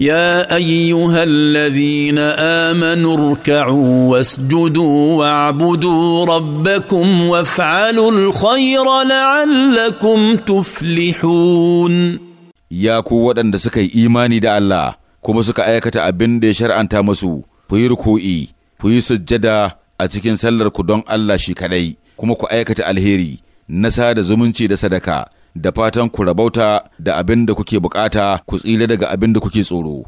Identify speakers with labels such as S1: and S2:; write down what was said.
S1: يا ايها الذين امنوا اركعوا واسجدوا واعبدوا ربكم وافعلوا الخير لعلكم تفلحون
S2: يا ku waɗanda suka yi imani da Allah kuma suka aikata abin da ya shar'anta musu ku yi ruku'i ku yi sujjada a cikin sallar ku don Allah shi kaɗai kuma ku aikata alheri na sada zumunci
S3: da sadaka da fatan ku rabauta da abin da kuke bukata ku tsira daga abin da kuke tsoro.